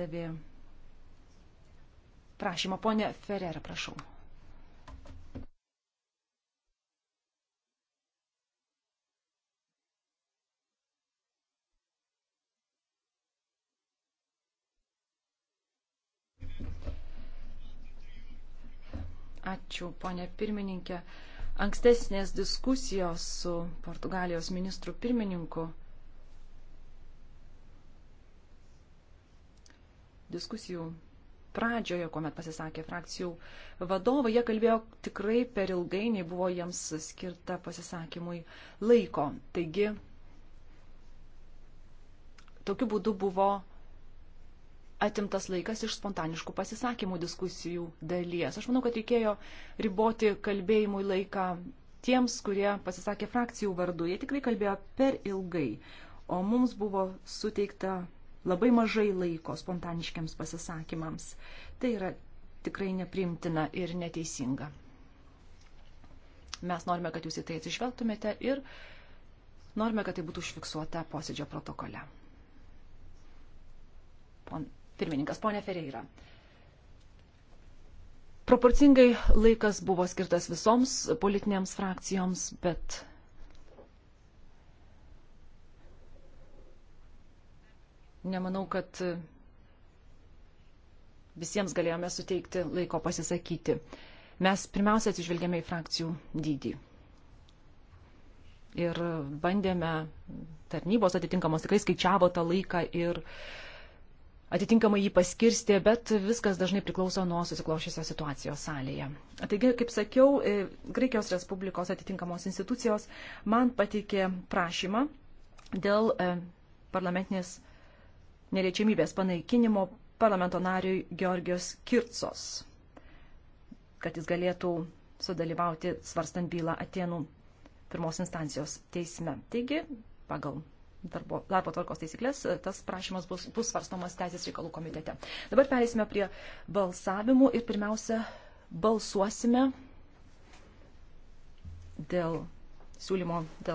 davė prašymą. Pone Ferrer, prašau. Ačiū, ponė pirmininkė. Ankstesnės diskusijos su Portugalijos ministru pirmininku diskusijų pradžioje, kuomet pasisakė frakcijų vadovai, jie kalbėjo tikrai per ilgai, nei buvo jiems skirta pasisakymui laiko. Taigi, tokiu būdu buvo atimtas laikas iš spontaniškų pasisakymų diskusijų dalies. Aš manau, kad reikėjo riboti kalbėjimui laiką tiems, kurie pasisakė frakcijų vardu. Jie tikrai kalbėjo per ilgai, o mums buvo suteikta labai mažai laiko spontaniškiams pasisakymams. Tai yra tikrai nepriimtina ir neteisinga. Mes norime, kad jūs į tai atsižvelgtumėte ir norime, kad tai būtų užfiksuota posėdžio protokole. Pon, pirmininkas, ponė Fereira. Proporcingai laikas buvo skirtas visoms politinėms frakcijoms, bet nemanau, kad visiems galėjome suteikti laiko pasisakyti. Mes pirmiausia atsižvelgėme į frakcijų dydį. Ir bandėme, tarnybos atitinkamos tikrai skaičiavo tą laiką ir atitinkamai jį paskirstė, bet viskas dažnai priklauso nuo susiklošusios situacijos salėje. Taigi, kaip sakiau, e, Graikijos Respublikos atitinkamos institucijos man pateikė prašymą dėl e, parlamentinės neliečiamybės panaikinimo parlamento nariui Georgios Kirtsos, kad jis galėtų sudalyvauti svarstant bylą Atenų pirmos instancijos teisme. Taigi, pagal darbo, darbo tvarkos taisyklės, tas prašymas bus, bus svarstomas Teisės reikalų komitete. Dabar perėsime prie balsavimų ir pirmiausia balsuosime dėl siūlymo dėl